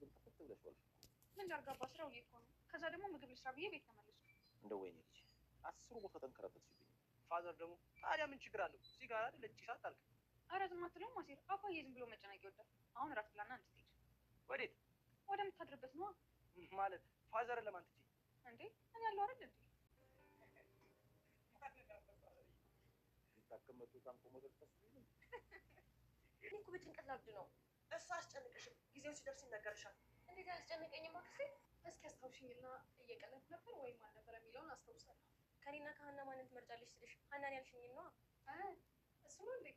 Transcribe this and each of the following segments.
ግን ክፍት ብለሽ ባልሽ ምን ላርጋባ፣ ስራው ይሄ እኮ ነው። ከዛ ደግሞ ምግብ ልስራ ብዬ ቤት ተመለስኩ። እንደ ወይኔ ልጅ አስሩ ቦታ ተንከራተትሽብኝ። ፋዘር ደግሞ ታዲያ ምን ችግር አለው? እዚህ ጋር አይደል እጅ ሰዓት አልክ። ኧረ ዝም አትለውም አሴር። አባዬ ዝም ብሎ መጨነቅ ይወዳል። አሁን እራት ብላና እንድትሄድ። ወዴት? ወደምታድርበት ነዋ። ማለት ፋዘርን ለማን ትቼ እንዴ? እኔ ያለው አይደል እንዴ? ታከመቱ ታንቆ ሞደል ተስቢ እኮ በጭንቀት ላብድ ነው እሱ አስጨንቅሽም፣ ጊዜው ሲደርስ ይነገርሻል። እንዴት አያስጨንቀኝም አክሴ። እስኪ አስታውሽኝና እየቀለድክ ነበር ወይም አልነበረ የሚለውን አስታውሳለሁ። ከኔና ከሀና ማንን ትመርጫለሽ ስልሽ ሀናን ያልሽኝን ነዋ። እሱ ነው እንዴ?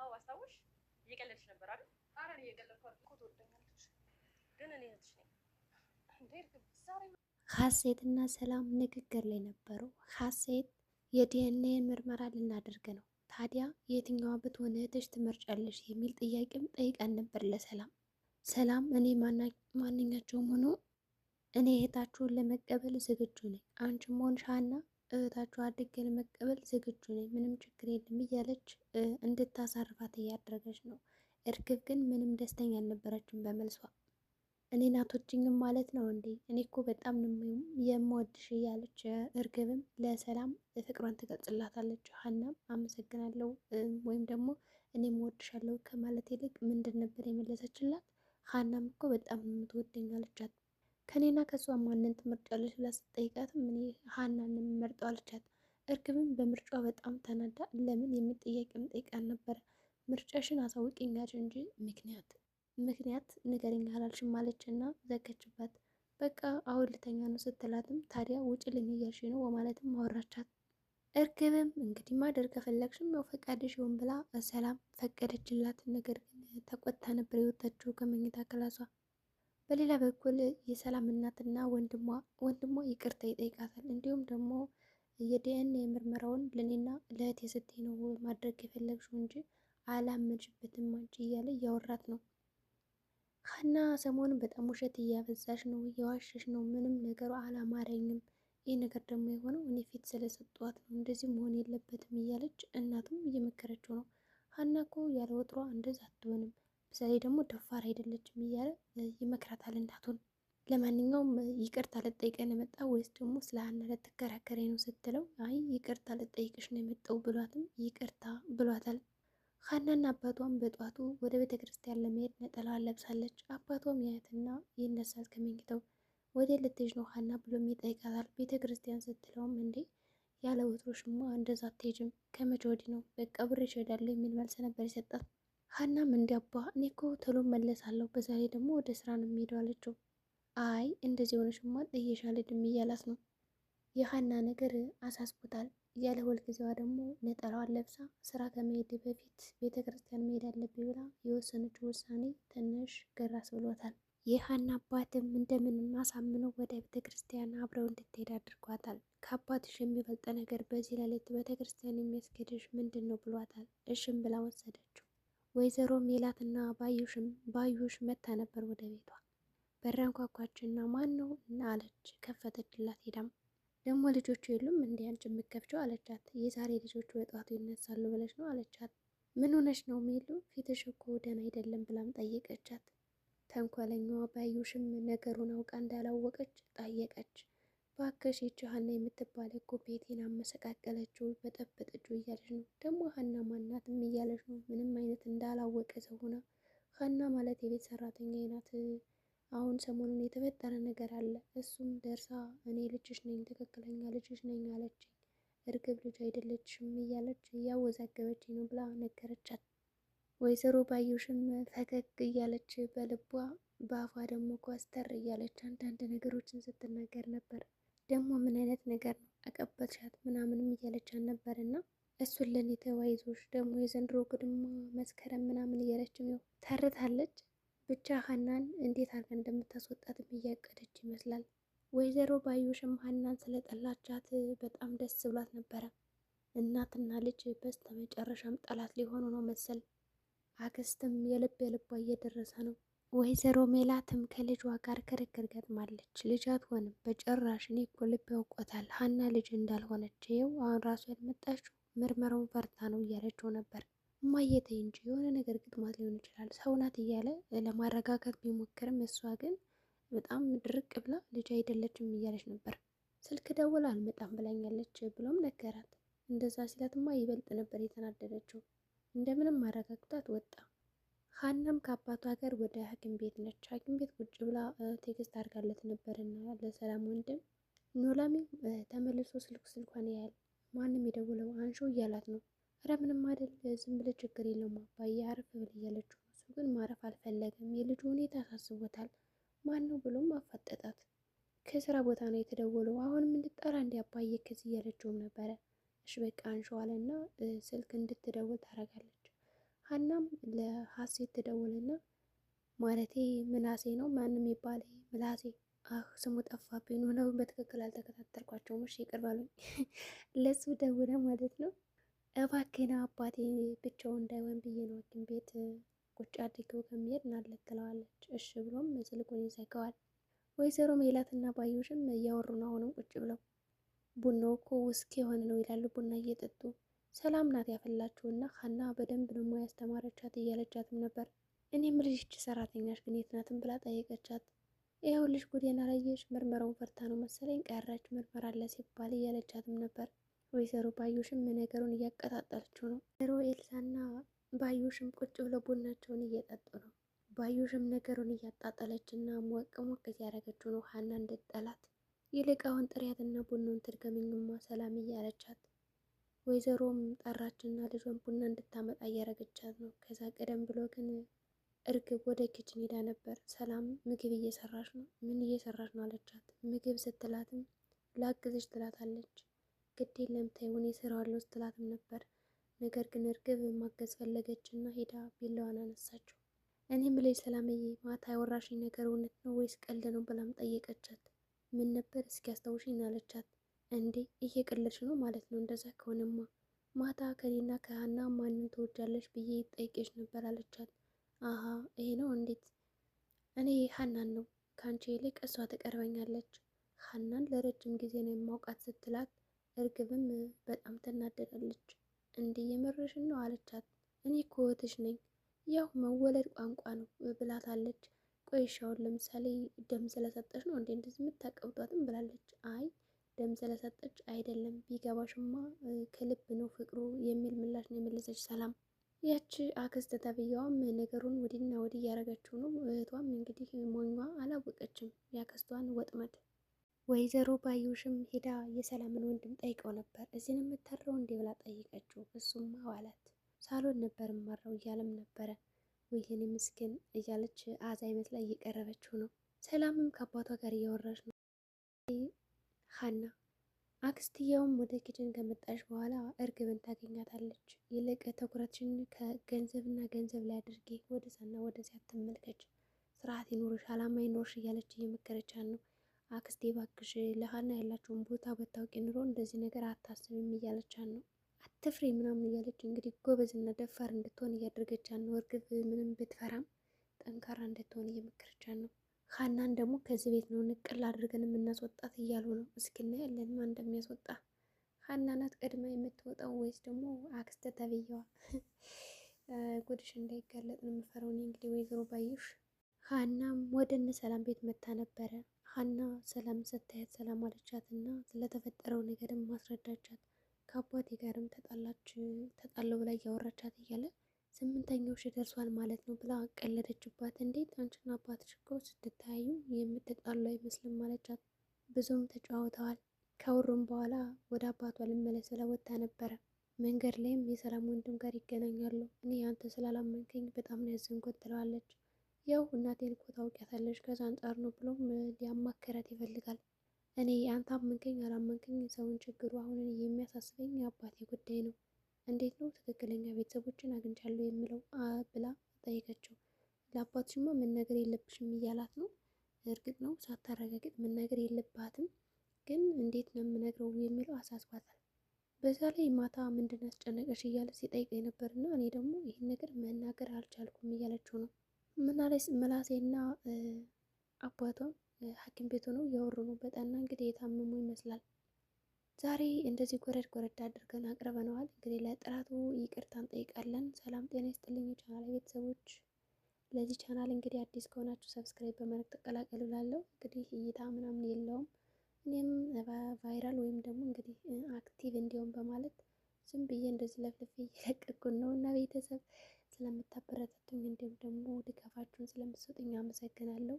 አዎ አስታውሽ። እየቀለድሽ ነበር አይደል? ኧረ እኔ እየቀለድኩ እኮ ትወደኛለች፣ ግን እኔ እህትሽ ነኝ። እና ሰላም ንግግር ላይ ነበሩ። ሀሴት የዲኤንኤ ምርመራ ልናደርግ ነው ታዲያ የትኛዋ ብትሆን እህትሽ ትመርጫለሽ የሚል ጥያቄም ጠይቃን ነበር ለሰላም። ሰላም እኔ ማንኛቸውም ሆኖ እኔ እህታችሁን ለመቀበል ዝግጁ ነኝ፣ አንቺም ሆንሽ ሀና እህታችሁ አድርጌ ለመቀበል ዝግጁ ነኝ፣ ምንም ችግር የለም እያለች እንድታሳርፋት እያደረገች ነው። እርግብ ግን ምንም ደስተኛ አልነበረችም በመልሷ። እኔን አትወጂኝም ማለት ነው እንዴ? እኔ እኮ በጣም የምወድሽ እያለች እርግብም ለሰላም ፍቅሯን ትገልጽላታለች። ሀናም አመሰግናለሁ ወይም ደግሞ እኔም እወድሻለሁ ከማለት ይልቅ ምንድን ነበር የመለሰችላት? ሀናም እኮ በጣም የምትወደኝ አለቻት። ከኔና ከሷ ማንን ትመርጫለች ብላ ስትጠይቃትም እኔ ሀናን የምመርጠው አለቻት። እርግብም በምርጫዋ በጣም ተናዳ ለምን የሚጠየቅም ጠይቃን ነበረ ምርጫሽን አሳውቂኛል እንጂ ምክንያት ምክንያት ንገረኝ አላልሽም ማለች እና ዘገችባት። በቃ አሁን ልተኛ ነው ስትላትም ታዲያ ውጭ ልንያሽ ነው በማለትም አወራቻት። እርግብም እንግዲህ ማደር ከፈለግሽም ያው ፈቃድሽ ይሁን ብላ በሰላም ፈቀደችላት። ነገር ግን ተቆጥታ ነበር የወጣችው ከመኝታ ክላሷ። በሌላ በኩል የሰላም እናትና ወንድሟ ወንድሟ ይቅርታ ይጠይቃታል። እንዲሁም ደግሞ የዲኤንኤ ምርመራውን ለእኔና ለእህቴ ስትይ ነው ማድረግ የፈለግሽው እንጂ አላመንሽበትም አንቺ እያለ እያወራት ነው። ሀና ሰሞኑን በጣም ውሸት እያበዛሽ ነው፣ እየዋሸሽ ነው። ምንም ነገሩ አላማረኝም። ይህ ነገር ደግሞ የሆነው እኔ ፊት ስለሰጧት ነው፣ እንደዚህ መሆን የለበትም እያለች እናቱም እየመከረችው ነው። ሀና እኮ ያለ ወጥሯ እንደዛ አትሆንም፣ በተለይ ደግሞ ደፋር አይደለችም እያለ ይመክራታል እናቱን። ለማንኛውም ይቅርታ ልጠይቀን የመጣ ወይስ ደግሞ ስለ ሀና ልትከራከሬ ነው ስትለው፣ አይ ይቅርታ ልጠይቅሽ ነው የመጣው ብሏትም ይቅርታ ብሏታል። ሀናና አባቷም በጧቱ ወደ ቤተ ክርስቲያን ለመሄድ ነጠላ ለብሳለች። አባቷም ያያትና ይነሳል ከመኝታው። ወደ ልትሄጂ ነው ሀና ብሎም ይጠይቃታል። ቤተ ክርስቲያን ስትለውም እንዴ ያለ ወትሮሽማ እንደዛ አትሄጂም፣ ከመቼ ወዲህ ነው? በቃ አብሬሽ እሄዳለሁ የሚል መልስ ነበር የሰጣት። ሀናም እንዲ አባ እኔ እኮ ቶሎ መለሳለሁ፣ በዛ ላይ ደግሞ ወደ ስራ ነው የሚሄደው አለችው። አይ እንደዚህ ሆነሽማ ጥዬሽ አልሄድም እያላት ነው። የሀና ነገር አሳስቦታል። ሁል ሁልጊዜዋ ደግሞ ነጠላዋን ለብሳ ስራ ከመሄድ በፊት ቤተ ክርስቲያን መሄድ አለብኝ ብላ የወሰነችው ውሳኔ ትንሽ ግራስ አስብሎታል። የሀና አባትም እንደምንም አሳምነው ወደ ቤተ ክርስቲያን አብረው እንድትሄድ አድርጓታል። ከአባትሽ የሚበልጥ ነገር በዚህ ሌሊት ቤተ ክርስቲያን የሚያስኬድሽ ምንድን ነው ብሏታል። እሽም ብላ ወሰደችው። ወይዘሮ ሜላትና ባዩሽ መታ ነበር ወደ ቤቷ። በራንኳኳችና ማን ነው እና አለች። ከፈተችላት ሄዳም ደግሞ ልጆቹ የሉም እንዲ አንቺ የምትከፍቸው አለቻት። የዛሬ ልጆቹ በጠዋቱ ይነሳሉ ብለሽ ነው አለቻት። ምን ሆነሽ ነው ሚሉ ፊትሽ እኮ ደህና አይደለም ብላም ጠየቀቻት። ተንኮለኛዋ ባዩሽም ነገሩን አውቃ እንዳላወቀች ጠየቀች። ባከሽ ይቺ ሀና የምትባል እኮ ቤቴን አመሰቃቀለችው በጠበጠችው እያለች ነው ደግሞ ሀና ማናትም እያለች ነው ምንም አይነት እንዳላወቀ ሰው ሆና ሀና ማለት የቤት ሰራተኛ ናት አሁን ሰሞኑን የተፈጠረ ነገር አለ። እሱም ደርሳ እኔ ልጅሽ ነኝ፣ ትክክለኛ ልጅሽ ነኝ አለችኝ። እርግብ ልጅ አይደለችም እያለች እያወዛገበች ነው ብላ ነገረቻት። ወይዘሮ ባየሽም ፈገግ እያለች በልቧ በአፏ ደግሞ ኮስተር እያለች አንዳንድ ነገሮችን ስትናገር ነበር። ደግሞ ምን አይነት ነገር ነው አቀበልሻት ምናምንም እያለች አልነበር እና እሱን ለኔ ተወያይዞች ደግሞ የዘንድሮ ግድማ መስከረም ምናምን እያለች ነው ተርታለች። ብቻ ሀናን እንዴት አድርጋ እንደምታስወጣትም እያቀደች ይመስላል። ወይዘሮ ባዩሽም ሀናን ስለጠላቻት በጣም ደስ ብሏት ነበረ። እናትና ልጅ በስተ መጨረሻም ጠላት ሊሆኑ ነው መሰል። አክስትም የልብ የልቧ እየደረሰ ነው። ወይዘሮ ሜላትም ከልጇ ጋር ክርክር ገጥማለች። ልጅ አትሆንም በጭራሽ። እኔ እኮ ልብ ያውቆታል ሀና ልጅ እንዳልሆነች። ይኸው አሁን ራሱ ያልመጣችው ምርመራውን ፈርታ ነው እያለችው ነበር። እማየተይ እንጂ የሆነ ነገር ግጥማት ሊሆን ይችላል ሰው ናት እያለ ለማረጋጋት ቢሞክርም እሷ ግን በጣም ድርቅ ብላ ልጅ አይደለችም እያለች ነበር። ስልክ ደውል አልመጣም ብላኛለች ብሎም ነገራት። እንደዛ ሲላትማ ይበልጥ ነበር የተናደደችው። እንደምንም ማረጋግጣት ወጣ። ሀናም ከአባቷ ጋር ወደ ሐኪም ቤት ነች። ሐኪም ቤት ቁጭ ብላ ቴክስት አድርጋለት ነበርና ለሰላም ወንድም ኖላሚ ተመልሶ ስልክ ስልኳን ያህል ማንም የደውለው አንሾ እያላት ነው ኧረ ምንም አይደል ዝም ብለህ ችግር የለውም አባዬ አረፍ ብል እያለችው እሱ ግን ማረፍ አልፈለገም። የልጁ ሁኔታ አሳስቦታል። ማን ነው ብሎም አፋጠጣት። ከስራ ቦታ ነው የተደወለው። አሁንም እንድጠራ እንዲ አባዬ ከዚህ እያለችውም ነበረ። እሺ በቃ አንሸዋለና ስልክ እንድትደውል ታደርጋለች። ሀናም ለሀሴት ትደውልና ማለቴ ምናሴ ነው ማንም ይባል ምናሴ አሁ ስሙ ጠፋብኝ ነው በትክክል አልተከታተልኳቸውም። እሺ ይቅር በሉኝ። ለሱ ደውለ ማለት ነው እባክህን አባቴ ብቻው እንዳይሆን ብዬ ነው ግን ቤት ቁጭ አድርገው ከሚሄድ ናለት ትለዋለች። እሺ ብሎም ስልኩን ይዘጋዋል። ወይዘሮ ሜላትና ባዩሽም እያወሩ ነው። አሁንም ቁጭ ብለው ቡናው እኮ ውስኪ የሆነ ነው ይላሉ። ቡና እየጠጡ ሰላም ናት ያፈላችሁና ሀና በደንብ ነው ያስተማረቻት እያለቻትም ነበር። እኔም ልጅች ሰራተኛሽ ግን የት ናትም ብላ ጠየቀቻት። ይኸውልሽ ልጅ ጉዴን አላየሽ ምርመራውን ፈርታ ነው መሰለኝ ቀረች ምርመራ አለ ሲባል እያለቻትም ነበር። ወይዘሮ ባዩሽም ነገሩን እያቀጣጠለችው ነው። ወይዘሮ ኤልሳና ባዩሽም ቁጭ ብለው ቡናቸውን እየጠጡ ነው። ባዩሽም ነገሩን እያጣጠለች እና ሞቅ ሞቅ እያደረገችው ነው። ሀና እንድጠላት ይልቃውን ጥሪያትና ቡናውን ትድገመኝማ ሰላም እያለቻት ወይዘሮም ጠራችና ልጇን ቡና እንድታመጣ እያደረገቻት ነው። ከዛ ቀደም ብሎ ግን እርግብ ወደ ኪችን ሄዳ ነበር። ሰላም ምግብ እየሰራች ነው። ምን እየሰራች ነው አለቻት። ምግብ ስትላትም ላግዝሽ ትላታለች። ግድ የለም ታይሆን የሰራዋለው እሰራዋለሁ ስትላትም ነበር። ነገር ግን እርግብ ማገዝ ፈለገች እና ሄዳ ቢላዋን አነሳችው። እኔም የምልሽ ሰላምዬ ማታ ያወራሽኝ ነገር እውነት ነው ወይስ ቀልድ ነው ብላም ጠየቀቻት። ምን ነበር እስኪ አስታውሽኝ አለቻት። እንዴ እየቀለድሽ ነው ማለት ነው? እንደዛ ከሆነማ ማታ ከኔና ከሀና ማንን ትወጃለሽ ብዬ ጠይቄሽ ነበር አለቻት። አሀ ይሄ ነው እንዴት? እኔ ሀናን ነው ከአንቺ ይልቅ እሷ ትቀርበኛለች። ሀናን ለረጅም ጊዜ ነው የማውቃት ስትላት እርግብም በጣም ትናደዳለች። እንዲህ የመረሽ ነው አለቻት። እኔ እኮ እህትሽ ነኝ፣ ያው መወለድ ቋንቋ ነው ብላታለች። ቆይሻውን ለምሳሌ ደም ስለሰጠች ነው እንዴ እንደዚህ የምታቀብጧትም ብላለች። አይ ደም ስለሰጠች አይደለም፣ ቢገባሽማ ከልብ ነው ፍቅሩ የሚል ምላሽ ነው የመለሰች ሰላም። ያቺ አክስት ተብያዋም ነገሩን ወዲና ወዲህ እያደረገችው ነው። እህቷም እንግዲህ ሞኟ አላወቀችም ያክስቷን ወጥመድ ወይዘሮ ባዩሽም ሄዳ የሰላምን ወንድም ጠይቀው ነበር። እዚህ የምታድረው እንዴ ብላ ጠይቀችው። እሱማ አዋላት ሳሎን ነበር ማድረው እያለም ነበረ። ወይኔ ምስኪን እያለች አዛ አይነት ላይ እየቀረበችው ነው። ሰላምም ከአባቷ ጋር እያወራች ነው። ሀና አክስትየውም ወደ ኪችን ከመጣች በኋላ እርግብን ታገኛታለች። ይልቅ ትኩረትሽን ከገንዘብና ገንዘብ ላይ አድርጌ ወደዛና ወደዚያ ትመልከች ስርዓት ይኖርሽ፣ አላማ ይኖርሽ እያለች እየመከረቻት ነው። አክስቴ ባክሽ ለሀና ያላቸውን ቦታ በታውቂ ኑሮ እንደዚህ ነገር አታስብም እያለቻት ነው። አትፍሪ ምናምን እያለች እንግዲህ ጎበዝና ደፋር እንድትሆን እያደረገቻት ነው። እርግብ ምንም ብትፈራም ጠንካራ እንድትሆን እየመከረቻት ነው። ሀናን ደግሞ ከዚህ ቤት ነው ንቅል አድርገን የምናስወጣት እያሉ ነው። እስኪ እናያለን ማን እንደሚያስወጣ። ሀና ናት ቀድማ የምትወጣው ወይስ ደግሞ አክስተ ተብዬዋ? ጉድሽ እንዳይጋለጥ ነው የምፈራው እኔ እንግዲህ ወይዘሮ ባዩሽ ሀናም ወደ እነ ሰላም ቤት መታ ነበረ። ሀና ሰላም ስታያት ሰላም አለቻት እና ስለተፈጠረው ነገርም ማስረዳቻት። ከአባቴ ጋርም ተጣላች ተጣለው ብላ እያወራቻት እያለ ስምንተኛው ሺ ደርሷል ማለት ነው ብላ ቀለደችባት። እንዴት አንቺና አባትሽ እኮ ስትታዩ የምትጣሉ አይመስልም ማለቻት። ብዙም ተጫውተዋል። ከውሩም በኋላ ወደ አባቷ ልመለስ ብላ ወጥታ ነበረ። መንገድ ላይም የሰላም ወንድም ጋር ይገናኛሉ። እኔ አንተ ስላላመንከኝ በጣም ነው ያዘንኩት ትለዋለች። ያው እናቴን እኮ ታውቂያታለሽ ከዛ አንጻር ነው ብሎም ሊያማከራት ይፈልጋል። እኔ አንተ አመንከኝ አላመንከኝ ሰውን ችግሩ አሁን የሚያሳስበኝ የአባቴ ጉዳይ ነው። እንዴት ነው ትክክለኛ ቤተሰቦችን አግኝቻለሁ የሚለው ብላ ጠይቀችው። ለአባትሽማ መናገር የለብሽም እያላት ነው። እርግጥ ነው ሳታረጋግጥ መናገር የለባትም ግን እንዴት ነው የምነግረው የሚለው አሳስባታል። በዛ ላይ ማታ ምንድን ያስጨነቀሽ እያለ ሲጠይቀኝ ነበር እና እኔ ደግሞ ይህን ነገር መናገር አልቻልኩም እያለችው ነው ምናለስ ምናሴና አባቷም ሐኪም ቤት ሆነው እያወሩ ነው። በጠና እንግዲህ የታመሙ ይመስላል። ዛሬ እንደዚህ ጎረድ ጎረድ አድርገን አቅርበነዋል። እንግዲህ ለጥራቱ ይቅርታ እንጠይቃለን። ሰላም ጤና ይስጥልኝ ቻናል ቤተሰቦች። ለዚህ ቻናል እንግዲህ አዲስ ከሆናችሁ ሰብስክራይብ በማድረግ ተቀላቀሉ። ላለው እንግዲህ እይታ ምናምን የለውም እኔም ቫይራል ወይም ደግሞ እንግዲህ አክቲቭ እንዲሆን በማለት ዝም ብዬ እንደዚህ ለፍልፌ እየለቀኩን ነው እና ቤተሰብ ስለምታበረታቱኝ እንዲሁም ደግሞ ድጋፋችሁን ስለምትሰጡኝ አመሰግናለሁ።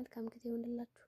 መልካም ጊዜ ይሁንላችሁ።